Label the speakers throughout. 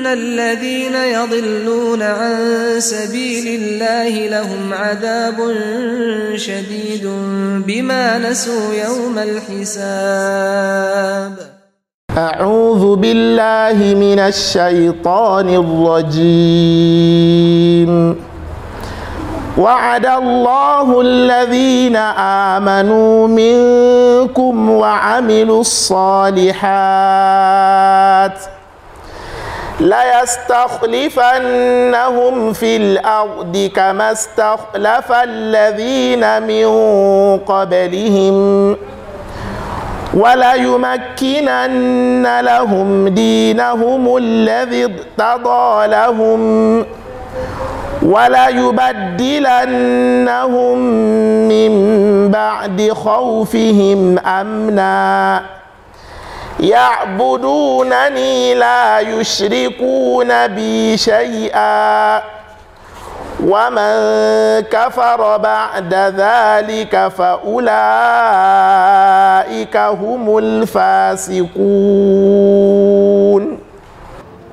Speaker 1: ان الذين يضلون عن سبيل الله لهم عذاب شديد بما نسوا يوم الحساب اعوذ بالله من الشيطان الرجيم وعد الله الذين امنوا منكم وعملوا الصالحات ليستخلفنهم في الأرض كما استخلف الذين من قبلهم وليمكنن لهم دينهم الذي ارتضى لهم وليبدلنهم من بعد خوفهم أمنا يعبدونني لا يشركون بي شيئا ومن كفر بعد ذلك فأولئك هم الفاسقون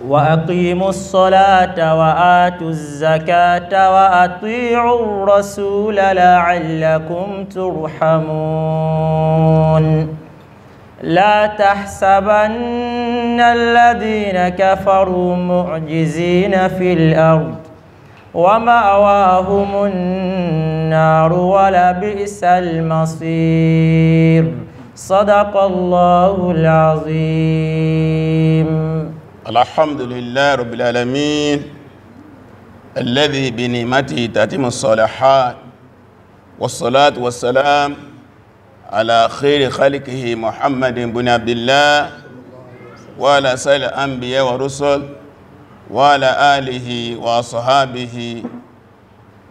Speaker 2: وأقيموا الصلاة وآتوا الزكاة وأطيعوا الرسول لعلكم ترحمون لا تحسبن الذين كفروا معجزين في الأرض ومأواهم النار ولبئس المصير صدق الله العظيم
Speaker 3: الحمد لله رب العالمين الذي بنعمته تتم الصالحات والصلاة والسلام على خير خلقه محمد بن عبد الله وعلى سائر الأنبياء والرسل وعلى آله وصحابه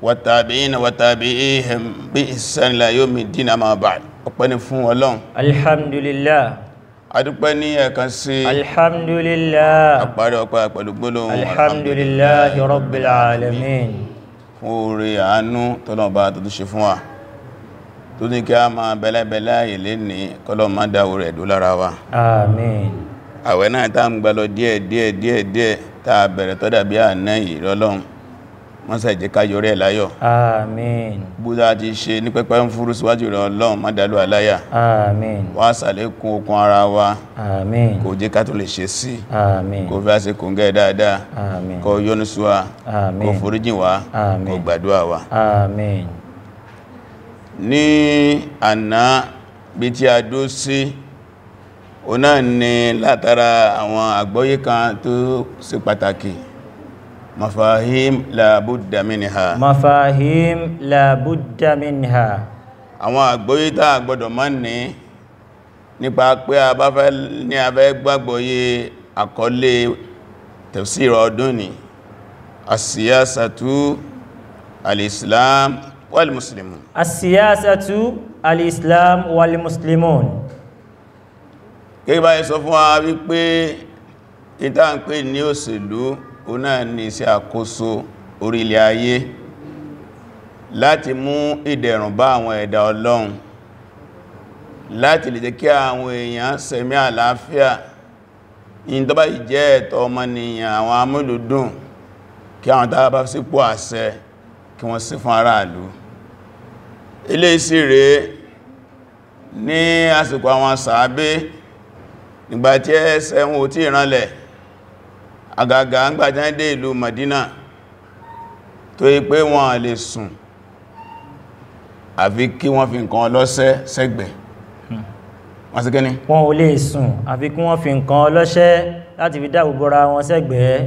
Speaker 3: والتابعين وتابعيهم بإحسان إلى يوم الدين أما بعد ọpẹ́ ni fún Ọlọ́run alhamdulillah adúpẹ́ ní ẹ̀kan sí alhamdulillah àpàrí ọpá pẹ̀lú gbólóhùn alhamdulillah rabbil alamin fún oore àánú tọ́lọ̀bá tó tó ṣe fún wa tó ní kí a máa bẹ́lẹ́bẹ́lẹ́ ilé ní kọlọ̀ má dáwò rẹ̀ dó lára wa àmín àwẹ̀ náà tá ń gbà lọ díẹ̀ díẹ̀ díẹ̀ díẹ̀ tá a bẹ̀rẹ̀ tọ́dà bí àná ìrọlọ́run wọ́n sẹ̀ jẹ́ káyọ rẹ̀ láyọ̀
Speaker 2: àmín
Speaker 3: búdá ti ṣe ní pẹ́pẹ́ ń fúrú síwájú rẹ̀ ọlọ́run má dálú aláyà
Speaker 2: àmín
Speaker 3: wá sàlékún okun ara wa kò jẹ́ ká tó lè ṣe sí kò fi àṣẹ kò ń gẹ́ dáadáa kò yọ́nú kò foríjìn kò gbàdúrà wa ní àná bí tí a dó sí o náà ni látara àwọn àgbọ́yé kan tó ṣe pàtàkì mafahim labudda minha mafahim labudda minha àwọn àgbọ́yé tá a gbọ́dọ̀ má ní nípa pé a bá fẹ́ ní a fẹ́ gbàgbọ́yé àkọlé tafsir ọdún ni asíyásàtú al-Islam والمسلمون
Speaker 2: السياسة الإسلام والمسلمون kí bá sọ fún wa wípé
Speaker 3: ìta ń pè ní òṣèlú òun náà ní iṣẹ́ àkóso orílẹ̀ ayé láti mú ìdẹ̀rùn bá àwọn ẹ̀dà ọlọ́run láti lè jẹ́ kí àwọn èèyàn sẹ̀mí àlàáfíà ìyìntọ́bá ìjẹ́ ẹ̀tọ́ ọmọnìyàn àwọn amúlùdùn kí àwọn tàbá sípò àṣẹ kí wọ́n sí fún aráàlú ilé isi rẹ̀ ní àsìkò àwọn sàábé nígbàtí ẹsẹ̀ wọn ò tí ìrànlẹ̀ àgàgà ń gbàtí ẹ́ dé ìlú Madina tó yí pé wọ́n lè sùn àfi kí wọ́n fi nǹkan ọlọ́sẹ́
Speaker 2: sẹ́gbẹ̀ láti fi dáàbò bora wọn sẹ́gbẹ̀ẹ́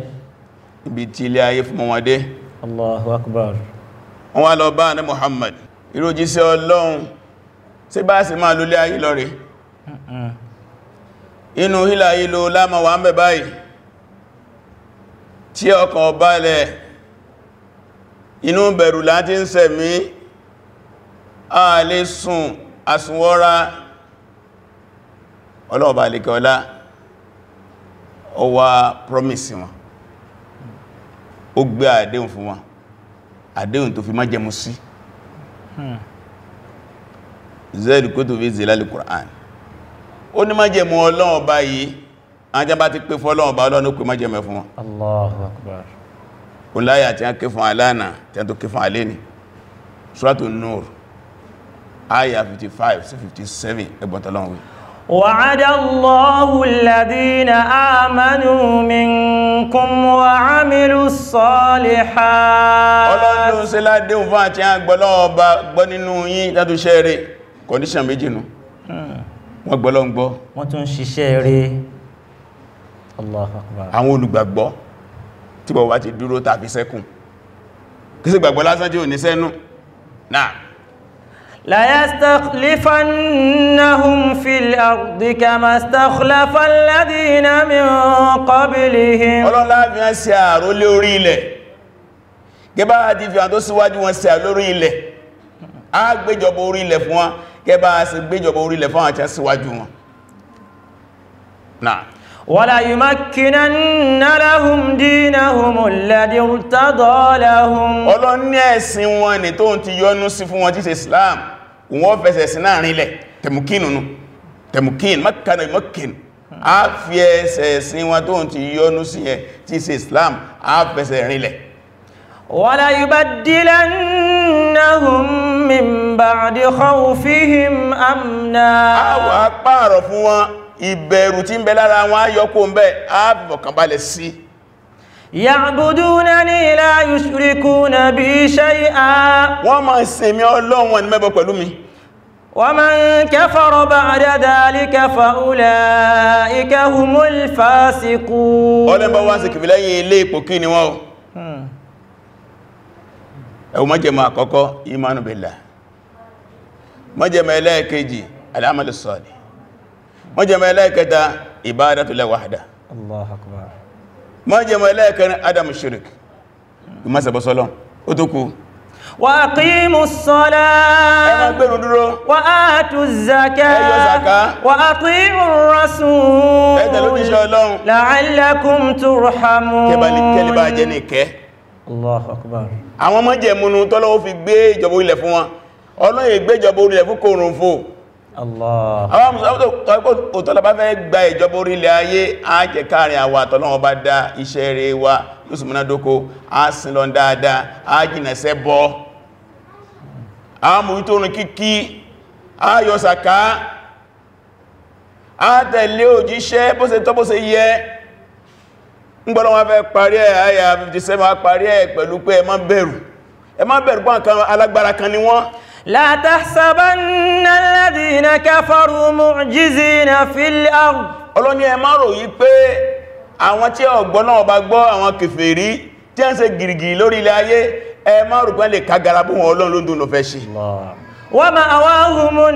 Speaker 2: ibi tí ilé ayé fún wọn Allahu Akbar wọ́n wá lọ bá ní Muhammad ìrójísẹ́ Ọlọ́run
Speaker 3: sí bá sì máa lólé ayé lọ rẹ̀ inú hílà ìlò lámà wà ń bẹ̀ báyìí tí ọkàn balẹ̀ inú bẹ̀rù láti ń sẹ̀mí a lè sùn àsùnwọ́ra ọlọ́ọ̀bà ọwà promise wọn ó gbé àdéhùn fún wọn àdéhùn tó fi má jẹmu sí hmm. zed kó tó fi zèlá lè Qur'an ó ní má jẹmu ọlọ́run ọba yìí ajá bá ti pé fún ọlọ́run ọba ọlọ́run ó pè má jẹmu ẹ fún wọn Allahu Akbar ó láyà tí a ké fún aláàna tí a tó ké fún aléni Suratu Nur aya 55 sí 57 ẹgbọ́ntọ́lọ́run wí
Speaker 2: وعد الله الذين آمنوا منكم وعملوا الصالحات
Speaker 3: Ọlọ́run ló ṣe ládéhùn fún àti agbọ́lọ́ọba gbọ́ nínú yín tàbí iṣẹ́ rẹ̀ kọ̀díṣàn méjì nù wọ́n gbọ́lọ́ ń gbọ́
Speaker 2: wọ́n tún ṣiṣẹ́ rẹ̀
Speaker 3: àwọn olùgbàgbọ́ tí bọ̀ ti dúró tàbí sẹ́kùn kìí sí gbàgbọ́ lásán tí ò ní sẹ́nu náà
Speaker 2: ليستخلفنهم في الأرض كما استخلف الذين من قبلهم
Speaker 3: ọlọ́lá fi hàn sí àrò lórí ilẹ̀ gẹ́bà àti fi hàn tó síwájú wọn sí àrò lórí ilẹ̀ a gbéjọba orí ilẹ̀ fún wọn gẹ́bà a sì gbéjọba orí ilẹ̀ fún àwọn àti síwájú wọn náà ولا يمكنن لهم دينهم الذي ارتضى لهم Ọlọ́run ní ẹ̀sìn wọn ni tó ń ti yọ́nú sí fún wọn tí ṣe Islam wọ́n fẹsẹ̀ sí náà rinlẹ̀ tẹmùkínù nù tẹmùkín makana makin a fi ẹsẹ̀ sí wọn tó ń ti yọnú sí ẹ tí ṣe Islam a fẹsẹ̀ rinlẹ̀ wala yubaddilannahum min ba'di khawfihim amna a wà pààrọ̀
Speaker 2: ya'budunani la yushrikuna bi shay'a wọ́n máa sìn mí Ọlọ́run wọn ni mẹ́bọ̀ pẹ̀lú mi wa man kafara ba'da dhalika fa ulaika humul
Speaker 3: fasiqun ọlẹ́bọ̀ wá sí kìfìlẹ́yìn ilé ipò kí ni wọ́n hmm. ẹ̀wù mọ́jẹ̀mọ́ àkọ́kọ́ imanu billah mọ́jẹ̀mọ́ ẹlẹ́ẹ̀kejì al-amalu salih
Speaker 2: akbar
Speaker 3: májẹ̀mú ẹlẹ́ẹ̀kẹrin adam shirik ìmọ́sẹ̀bọ́sọ́lọ́ ó tó kú
Speaker 2: wa aqimus salat ẹmọ gbẹ̀rún dúró wa atuz zakat ẹyọ zaka wa ati'ur rasul ẹ̀tẹ̀ ló jíṣẹ́ ọlọ́run àwọn
Speaker 3: mùsùlùmí òtọ́lọ́bá fẹ́ gba ìjọba orílẹ̀ ayé ajẹ́kárin àwọn àtọ́lọ́wọ́ bá dá iṣẹ́ rẹ̀ wa yóò súnmọ́ná a sin lọ dáadáa a jìnà sẹ́bọ́ a mùí kíkí a yọ a òjíṣẹ́ bó ṣe yẹ ngbọ́lọ́ wọ́n لا تحسبن الذين كفروا معجزين في الأرض ọlọ́ni ẹ má rò yí pé àwọn tí ọgbọ́n náà bá gbọ́ àwọn kèfèrí tí a ń ṣe gìrìgìrì lórí ilẹ̀ ayé ẹ má rò pé lè kágara bú wọn ọlọ́run ló ń dúnlọ fẹ́ ṣe wa ma'wahumun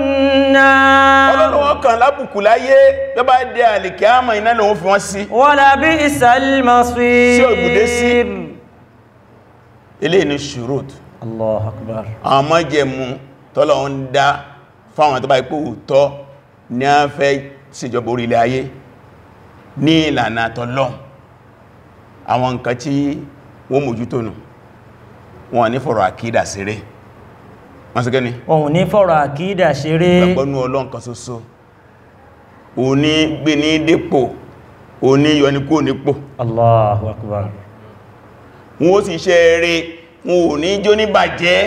Speaker 3: nar ọlọ́run wọn kàn lábùkù láyé tó bá dé fi wọ́n sí
Speaker 2: wala bi'sal masir sí ògùdé sí
Speaker 3: ilé ní ṣùrùtù Allah akbar àwọn májẹ̀mú tọ́lọ̀ ń dá fáwọn tó bá ipò òótọ́ ní a fẹ́ ṣèjọba orílẹ̀ ayé ní ìlànà tọ́lọ̀ àwọn nǹkan tí wọ́n mójútó nù wọn ní fọ̀rọ̀ àkídà ṣeré wọ́n sí gẹ́ni
Speaker 2: ọ̀hun ní fọ̀rọ̀ àkídà ṣeré gbọ́nú ọlọ́n
Speaker 3: sì ṣe eré wọn ò ní jó ní bàjẹ́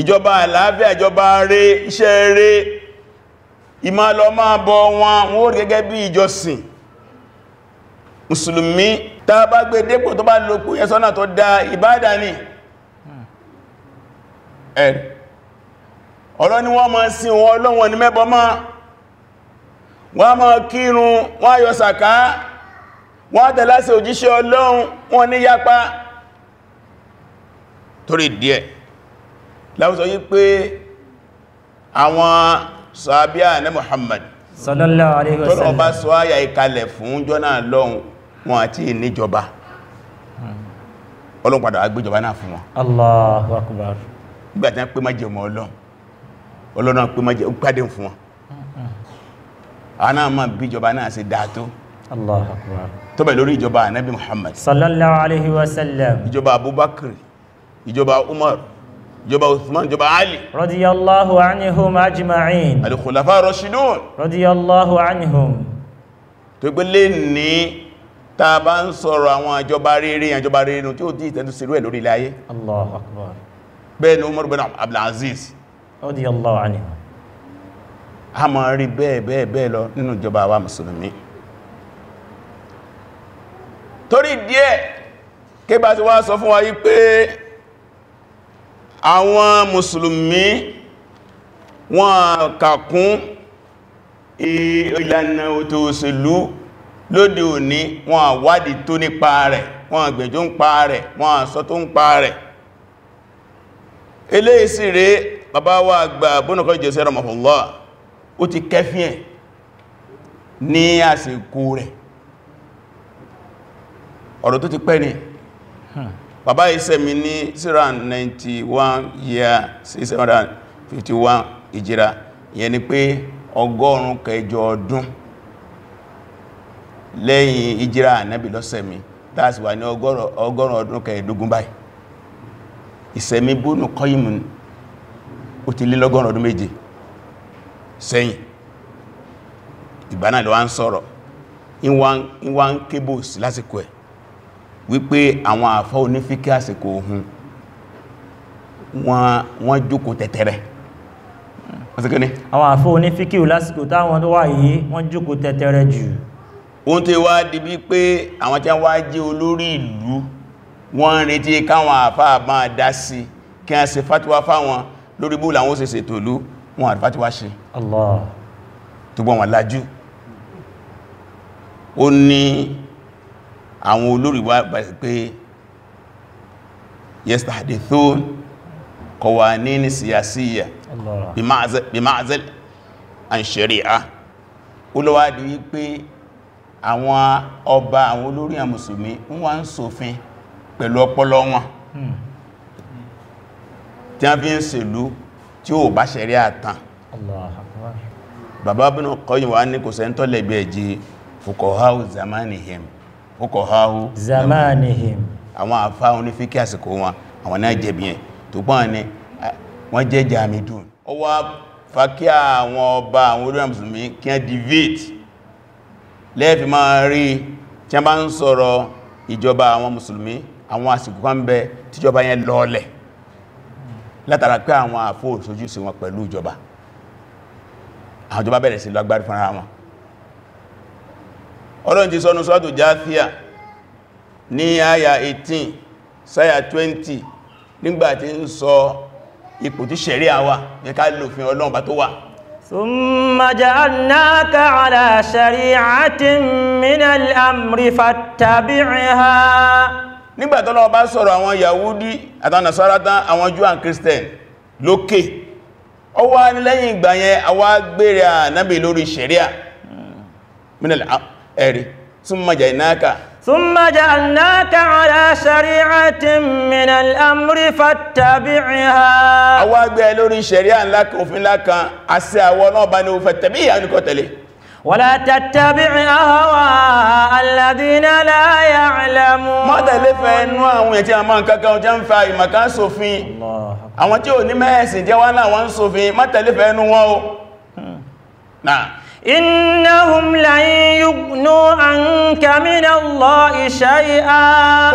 Speaker 3: ìjọba àlàáfíà ìjọba rẹ̀ iṣẹ́ rẹ̀ ìmá lọ máa bọ wọn wọ́n rí gẹ́gẹ́ bí ìjọsìn musulmi tá bá gbé dépò tó bá sọ́nà tó dá ìbádà ní ẹ̀rì ni wọ́n ma wọn ọlọ́wọ̀n ní wọ́n kírun wọ́n yọ sàká wọ́n òjíṣẹ́ ọlọ́run torí díẹ̀ láwùsọ yí pé àwọn sàábíà ní Muhammad sallallahu alaihi wasallam tọ́lọ bá sọ ayà ìkalẹ̀ fún jọ́nà lọ́un wọn àti ìníjọba ọlọ́n padà agbéjọba náà fún wọn
Speaker 2: Allahu akbar
Speaker 3: nígbàtí wọ́n pé má jẹmọ́ ọlọ́n ọlọ́nà pé má jẹmọ́ pàdé fún wọn àná ma bíjọba náà ṣe dáa tó Allahu bẹ̀ lórí ìjọba ànábì Muhammad sallallahu alaihi wasallam ìjọba Abubakar ìjọba Umar ìjọba Uthman ìjọba Ali radiyallahu anihum ajma'in al-khulafa rashidun radiyallahu anihum tó gbé lè ní ta bá ń sọ̀rọ̀ àwọn àjọba rere àjọba rere nù tí ó dí ìtẹ́tù sí rẹ̀ lórí ilẹ̀ ayé Allahu akbar bẹ́ẹ̀ ni Umar bin Abdul radiyallahu anihum a ma rí bẹ́ẹ̀ bẹ́ẹ̀ bẹ́ẹ̀ lọ nínú ìjọba torí díẹ̀ kébà ti wá sọ fún wa yí pé àwọn mùsùlùmí wọ́n kàkún ìlànà òtò òṣèlú lóde òní wọ́n àwádìí tó nípa rẹ̀ wọ́n àgbẹ̀jọ́ ń pa rẹ̀ wọ́n àsọ tó ń pa rẹ̀ eléyìí sì rẹ̀ bàbá wa àgbà bónúkọ́ jẹ́sẹ̀ rahimahullah ó ti kẹfí ní àsìkò rẹ̀ ọ̀rọ̀ tó ti pẹ́ ni hmm bàbá iṣẹ́ mi ní 91 year 651 ìjìra ìyẹn ni pé ọgọ́rùn kẹjọ ọdún lẹ́yìn ìjìra ànábì lọ́sẹ̀ mi that's wà ní ọgọ́rùn ọdún kẹẹ̀dógún báyìí ìṣẹ̀mí bónú kọ́yìmù ó ti lé lọ́gọ́rùn ọdún méje sẹ́yìn ìgbà náà lọ wá ń sọ̀rọ̀ ìwọ̀n kébòsì lásìkò ẹ̀ wípé àwọn àfá onífíkí àsìkò ohun wọ́n jókòó tẹ̀tẹ̀rẹ̀ ọ̀sìnkí ni
Speaker 2: àwọn àfá onífíkí lásìkò táwọn tó wà yìí wọ́n jókòó tẹ̀tẹ̀rẹ̀ jù
Speaker 3: oun tí wá di bí pé àwọn tí wá jẹ́ olórí ìlú wọ́n ń retí káwọn àfá máa dá sí kí a ṣe fàtíwá fáwọn lórí bú làwọn ó ṣe ṣètò ìlú wọn àti fàtíwá ṣe Allah tó gbọ́n wọn lájú ó ní àwọn olórí wá pé yastahadithun qawanin siyasiyya bí ma'azal an shari'a olówá di wípé àwọn ọba àwọn olórí àwọn mùsùlùmí wọ́n ń ṣòfin pẹ̀lú ọpọlọ wọn hmm. tí a fi ń ṣèlú tí ó bá ṣẹ̀rí àtàn bàbá Ibn Qayyim ní kò sẹ́ntọ́lẹ̀gbẹ̀ ẹ̀jẹ́ fuqahau zamanihim ọkọ̀ hahu zamanihim àwọn àfáhun ní fíkí àsìkò wọn àwọn náà jẹ̀bi yẹn tó pọ́n ní wọ́n jẹ́ jamidun ó wá fa kí àwọn ọba àwọn olórin musulmi kí wọ́n divate lẹ́ẹ̀fì máa rí tí wọ́n bá ń sọ̀rọ̀ ìjọba àwọn musulmi àwọn àsìkò kan bẹ tíjọba yẹn lọ́ọ̀lẹ̀ látara pé àwọn àfóòsojú sí wọn pẹ̀lú ìjọba àwọn ìjọba bẹ̀rẹ̀ sí lọ agbárí fúnra wọn ọlọ́run ti sọ́nu sọ́tò jáfíà ní àyà 18 sáyà 20 nígbàtí ń sọ ipò tí ṣẹ̀rí àwà ní ká lòfin
Speaker 2: ọlọ́run bá tó wà ثم جعلناك على شريعة من الأمر فاتبعها nígbà tí Ọlọ́run bá sọ̀rọ̀
Speaker 3: àwọn Yahudi àtàwọn Nasara tán àwọn Jew and Christian lókè ó wá ní lẹ́yìn ìgbà yẹn àwa gbére lórí ṣẹ̀ríà min al ẹ̀rí summa ja'alnaka
Speaker 2: summa ja'alnaka ala shari'atin min al-amri fattabi'ha àwọn agbẹ́ lórí ṣẹ̀ríà ńlá kan òfin
Speaker 3: ńlá kan àṣẹ àwọn náà bá ní ó fattabi'ha ní kó tẹ̀lé wala tattabi' ahwa alladhina la ya'lamun má tẹ̀lé fẹ́ inú àwọn ètí àmọ́ nǹkankan
Speaker 2: yughnu anka minallahi shay'a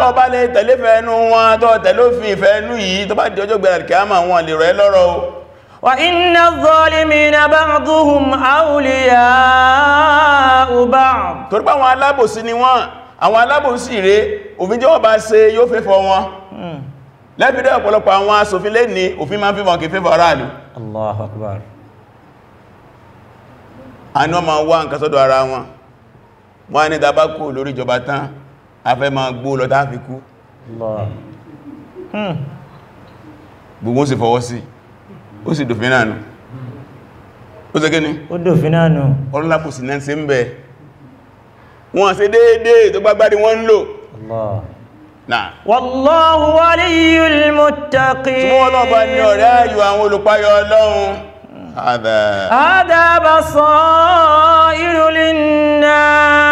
Speaker 2: tó bá lè tẹ̀lé fẹ́ẹ̀nú wọn
Speaker 3: tó tẹ̀lé òfin ìfẹ́ẹ̀nú yìí tó bá di ọjọ́ gbẹ̀rẹ̀ kíámà wọn lè rẹ̀ lọ́rọ̀ o
Speaker 2: wa inna adh-dhalimina ba'duhum awliya'u ba'd
Speaker 3: torí pé àwọn alábòsí wọn hmm. lẹ́bìdẹ́ ara wọn wọ́n ní dábá kú lórí ìjọba tán a fẹ́ máa gbó lọ tá fi kú hmm. gbogbo sì fọwọ́ sí ó sì dòfin náà nù ó sì kíni ó dòfin náà nù ọlọ́lápù sí náà sí ń bẹ̀ wọ́n sí déédéé tó gbágbárí wọ́n ń lò هذا هذا
Speaker 2: بصائر
Speaker 3: للناس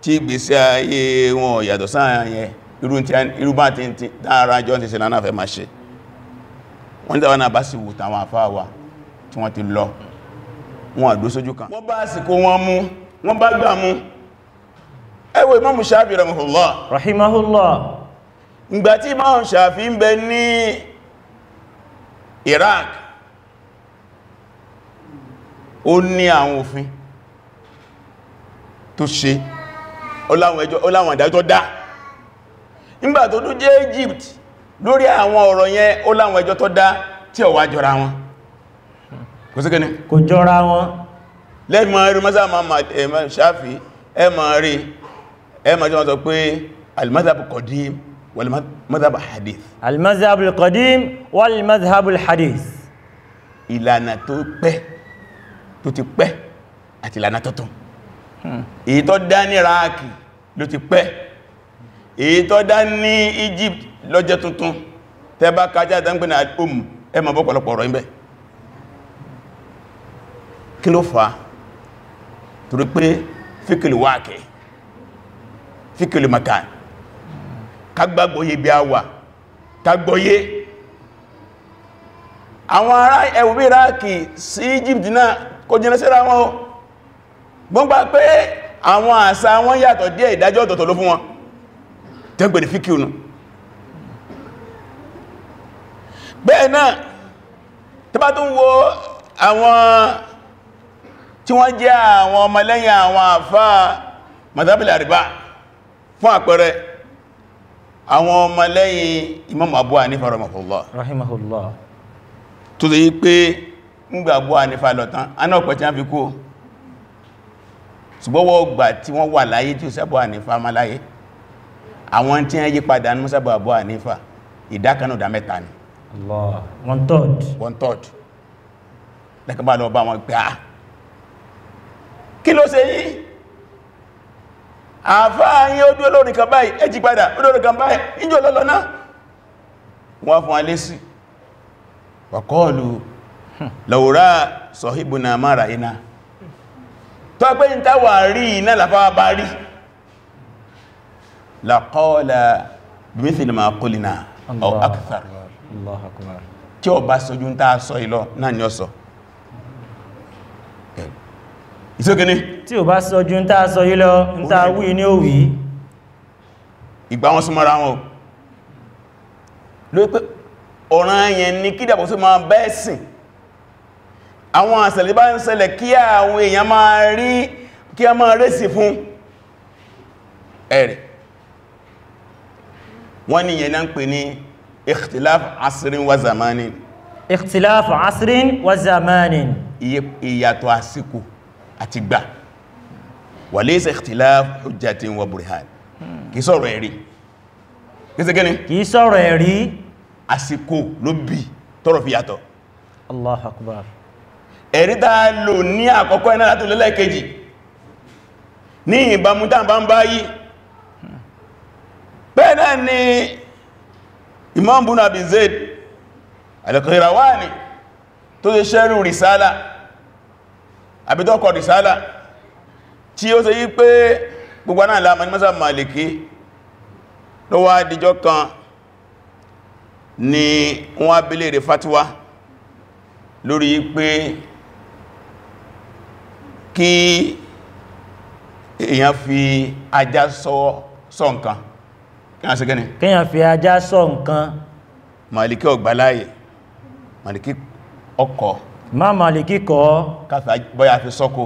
Speaker 3: tí gbèsè ayé wọn yàtọ̀ sáàyẹ irúbá tí ń dára jọ ti ṣe náà fẹ́ ma ṣe wọ́n ní tàwọn àbá sì wò tàwọn àfáàwà tí wọ́n ti lọ wọn àdó sójú kan wọ́n bá àsìkò wọn mú wọ́n bá gbà mú ẹ wo rahimahullah ó láwọn ìdájọ́ dá nígbà tó tún jẹ́ Egypt lórí àwọn ọ̀rọ̀ yẹn ó láwọn ẹjọ́ tó dá tí ó wá jọra wọn kò sí kẹni kò jọra wọn lẹ́mọ̀ ẹrù mọ́sá ma ṣáàfí ẹmọ̀ rí ẹmọ̀ tí wọ́n sọ pé al-madhhab al èyí tó dá ní Iraq ló ti pẹ́ èyí tó dá ní Egypt lọ́jẹ́ tuntun tẹba kájá dáńgbẹ̀ náà om ẹmọ bọ́pọ̀lọpọ̀ ọ̀rọ̀ ìbẹ̀ kí ló fà torí pé fíkìlì wáàkẹ́ fíkìlì maka kagbàgbóyé bí a wà kagbóyé àwọn ará ẹ̀wù Iraq sí Egypt náà kò jẹ́ wọ́n gbà pé àwọn àṣà wọn yàtọ̀ díẹ̀ ìdájọ́ ọ̀tọ̀tọ̀ ló fún wọn tẹ́gbẹ̀ bẹ́ẹ̀ náà tí bá wo àwọn tí wọ́n jẹ́ àwọn ọmọlẹ́yìn àwọn àfá mazhabul fún àpẹẹrẹ àwọn ọmọlẹ́yìn imam abu hanifa rahimahullah yi pé ṣùgbọ́wọ́ ọgbà tí wọ́n wà láyé tí ó sábà ànífà má láyé àwọn tí wọ́n yí padà ní sábà àbọ̀ ànífà ìdákanúdà mẹ́ta ni one third one third lẹ́kàbà lọ bá wọn pé à ah, kí ló ṣe yí àfáà yí ó dúró lórí kan báyìí ẹjì padà ó dúró wọ́n fún lọ́wọ́rá sọ̀híbùnà mara iná tó pé ń táwà rí iná làfáwà bá rí laqala bimithli ma qulna aw
Speaker 2: akthar Allahu akbar
Speaker 3: ọ bá sojú ń táa sọ ìlọ náà ni ọ sọ ìsókèní tí ò bá sọjú ń táa sọ ìlọ ń táa wí ní òwí ìgbà wọn súnmọ́ra wọn ló pé ọ̀ràn yẹn ni kí sí máa bẹ́ẹ̀sìn àwọn àṣẹ̀lẹ̀ bá ń ṣẹlẹ̀ kí àwọn èèyàn máa rí kí a máa rẹ́sì fún ẹ̀rẹ̀ wọ́n ni yẹn náà ń pè ní ikhtilaf asirin wa zamanin ikhtilaf asirin wa zamanin ìyàtọ̀ àsìkò àti gbà wà laysa ikhtilaf hujjatin wa burhan kìí sọ̀rọ̀ ẹ̀rí kìí sọ̀rọ̀ ẹ̀rí àsìkò ló bí tọ́rọ̀ fi yàtọ̀ Allah akbar ẹ̀rí táa lò ní àkọ́kọ́ iná látò lẹ́lẹ́kejì ní ìbámu tàbá ń báyí bẹ́ẹ̀ náà ni Imam Ibn Abi Zayd al-Qayrawani tó ṣe ṣẹ́rù rìsálà àbítọ́kọ̀ rìsálà tí ó ṣe yí pé gbogbo náà láàmà ní mọ́sá Màlìkí ló wá kan ni wọ́n abílẹ̀ rẹ̀ fatiwa lórí pé kí èyàn fi ajá sọ nǹkan kíyàn sí gẹ́ni
Speaker 2: kíyàn fi ajá sọ nǹkan
Speaker 3: Màlìkí ọgbàláyè Màlìkí ọkọ̀ ma Màlìkí kọ́ bọ́yá fi sọ́kó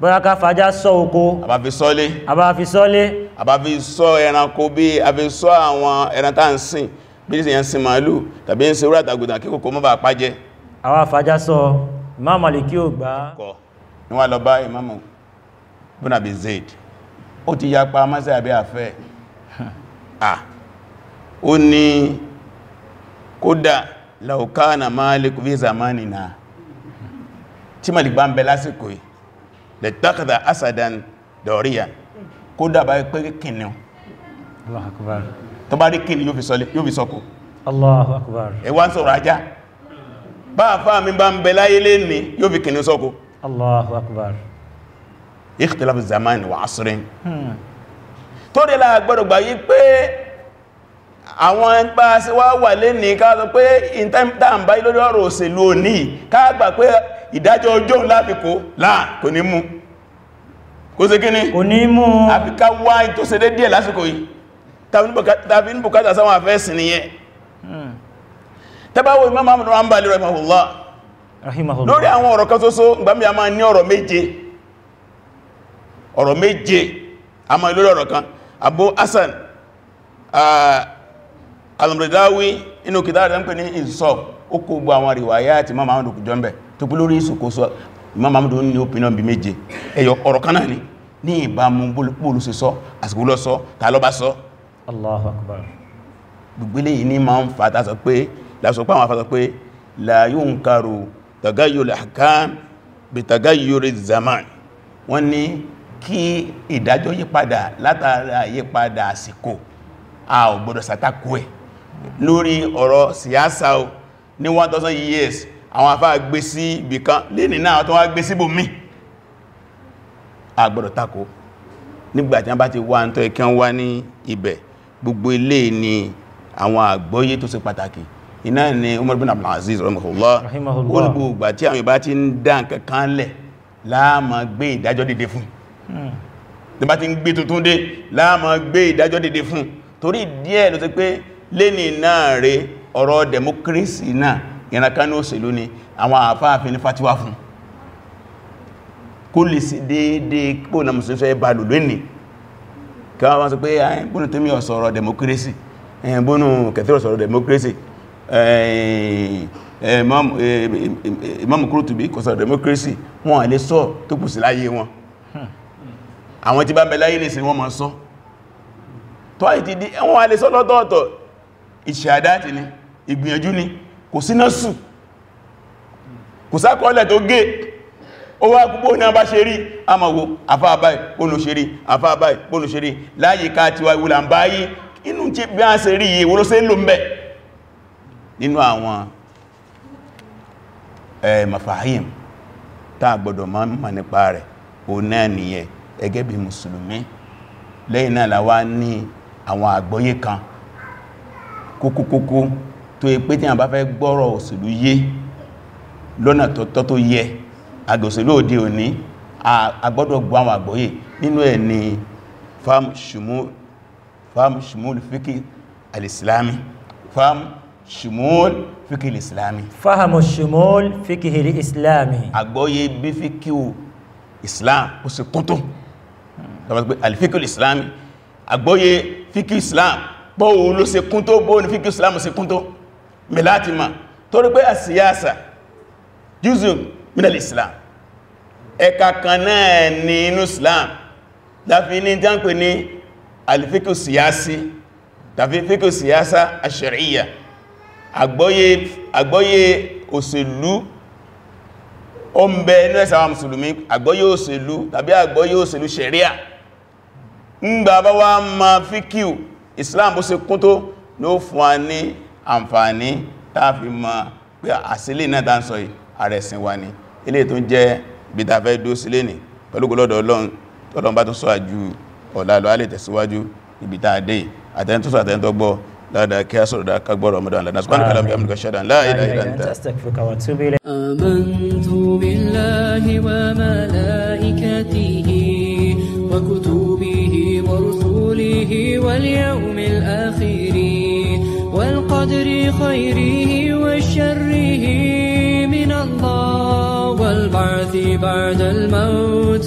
Speaker 3: bọ́yá ká fàájá sọ oko àbá fi sọ́lé àbá fi sọ́lé àbá fi sọ ẹranko bí a fi sọ àwọn ẹran tá ń sìn bí i ṣe màálù tàbí ń ṣe wúrà tàgùdà kíkòkò mọ́ pàjẹ́
Speaker 2: àwọn àfàájá sọ ma Màlìkí ò gbà
Speaker 3: kọ́ ni wọ́n lọ bá imamu bunabi zaid ó ti yapa mọ́sẹ̀ àbí àfẹ́ à ó ní kódà laukana maalik visa zamani na tí malik bá ń bẹ lásìkò yìí lè takada asadan dorian kódà bá pé kìnnìún Allahu akbar tó bá rí kìnnì yóò fi sọ́kù
Speaker 2: Allahu akbar
Speaker 3: ẹwà ń sọ̀rọ̀ ajá bá àfáà mi bá ń bẹ láyé lé ní yóò fi kìnnìún sọ́kù
Speaker 2: Allahu akbar
Speaker 3: ikhtilaf zaman wa asrin hmm. tó dé láàgbọ́dọ̀ gbà yí pé àwọn ẹgbà sí wá wà lé ní káàkiri pé ìtàmbá ilórí ọ̀rọ̀ òṣèlú òní káàgbà pé ìdájọ́ ọjọ́ láfikò láà kò ní mú kò sí kíní kò ní mú àfikà wá tó ṣe dédé lásìkò yìí
Speaker 2: lórí
Speaker 3: àwọn ọ̀rọ̀ kan ṣoṣo gbàmí a máa ní ọ̀rọ̀ méje ọ̀rọ̀ méje a máa lórí ọ̀rọ̀ kan Abu Hasan al-Mardawi inú kìtà rẹ̀ ń pè ní ìsọ́ ó kó gbọ́ àwọn àríwáyá àti Imam Ahmad kùjọ mẹ́ tó pé lórí ìsòkóso Imam Ahmad ní ni ní ìbámu bóòlù sí sọ àsìkò lọ sọ Allahu Akbar gbogbo eléyìí ní máa ń fa tásọ pé lásọ pé àwọn afásọ pé la yunkaru tagayyul ahkam bí tagayyul zaman wọ́n ní kí ìdájọ́ yípadà látara yípadà àsìkò a ò gbọdọ̀ sàtàkù ẹ̀ lórí ọ̀rọ̀ siyasa o ní 1000 years àwọn afá gbé sí ibìkan na náà tó wá gbé síbò mí a gbọdọ̀ takò nígbàtí wọ́n bá ti wá ń tọ́ ẹ̀kẹ́ wá ní ibẹ̀ gbogbo ilé ni àwọn àgbọ́yé tó ṣe pàtàkì iná ni umar bin abdulaziz rahimahullah olùgbògbà tí àwọn ìbá ti ń dá nǹkan kan lẹ̀ láàmà gbé ìdájọ́ dédé fún tí bá ti ń gbé tuntun dé láàmà gbé ìdájọ́ dédé fún torí díẹ̀ ló ti pé lẹ́ni náà rẹ ọ̀rọ̀ democracy náà ìrànkan ní òṣèlú ni àwọn àfáàfin ní fatiwa fún kó lè sí dédé kó na musulmi fẹ́ bá lò lónìí kí wọ́n sọ pé ẹ̀yìn bónú tó mí ọ̀sọ̀rọ̀ democracy ẹ̀yìn bónú kẹfẹ́ ọ̀sọ̀rọ̀ democracy Eh, eh, imam Kurtubi kò sọ democracy wọn àlè sọ tó kù sí láyé wọn àwọn tí bá bẹ láyé nìsìn wọn ma sọ tó àì ti di ẹwọ́n àlè sọ lọ́tọ̀ọ̀tọ̀ ìṣàdáti ni ìgbìyànjú ni kò sí náà sù kò sákọọ́lẹ̀ tó gé ó wá púpọ̀ ní àbá ṣe rí àmàwò àfáàbáì bónú ṣe rí àfáàbáì bónú ṣe rí láyé ká ti wá ìwúlà ń báyí inú tí bí a ṣe rí ìwòlóṣe ń lò ń bẹ́ẹ̀ nínú àwọn eh, mafahim tá a gbọ́dọ̀ máa mọ̀ nípa rẹ̀ o náà nìyẹn ẹgẹ́ bí mùsùlùmí lẹ́yìn náà làwá ní àwọn àgbọ́yé kan kókókókó tó yẹ pé tí a bá fẹ́ gbọ́rọ̀ òṣèlú yé lọ́nà tọ́tọ́ tó yẹ àgbòṣèlú òde òní agbọ́dọ̀ gbọ́ àwọn àgbọ́yé nínú ẹ̀ ni fam shumul fiki al fam ṣùmọ́l fíkìlì islami
Speaker 2: fáhàmù ṣùmọ́l fíkìlì islami
Speaker 3: àgbọ́yé bí fíkìlì islam ó sì kúntún alfikul islami àgbọ́yé fíkìlì islam bóò ló ṣe kúntó bóò ní fíkìlì islam ṣe kúntó milatima torí pé a siyasa juzum minal islam ẹ̀ka kan náà ní inú islam àgbọ́yé àgbọ́yé òṣèlú ó ń bẹ inú ẹ̀sà àwọn mùsùlùmí àgbọ́yé òṣèlú tàbí àgbọ́yé òṣèlú ṣẹ̀ríà ńgbà bá wá ma fíkíù Islam bó ṣe kún tó ló fún wa ní àǹfààní tààfi ma pé àsílẹ̀ náà tàà ń sọ àrẹ̀sìn wa ni ilé tó ń jẹ́ bìtàfẹ́ dó sílẹ̀ ní pẹ̀lú gọlọ́dọ̀ Ọlọ́run tọ́lọ́run bá tó sọ لا دا كاسر دا أكبر رمضان لنا سبحانك اللهم وبحمدك
Speaker 2: أشهد أن لا إله إلا أنت أستغفرك وأتوب إليك آمنت
Speaker 1: بالله وملائكته وكتبه ورسله واليوم الآخر والقدر خيره وشره من الله والبعث بعد الموت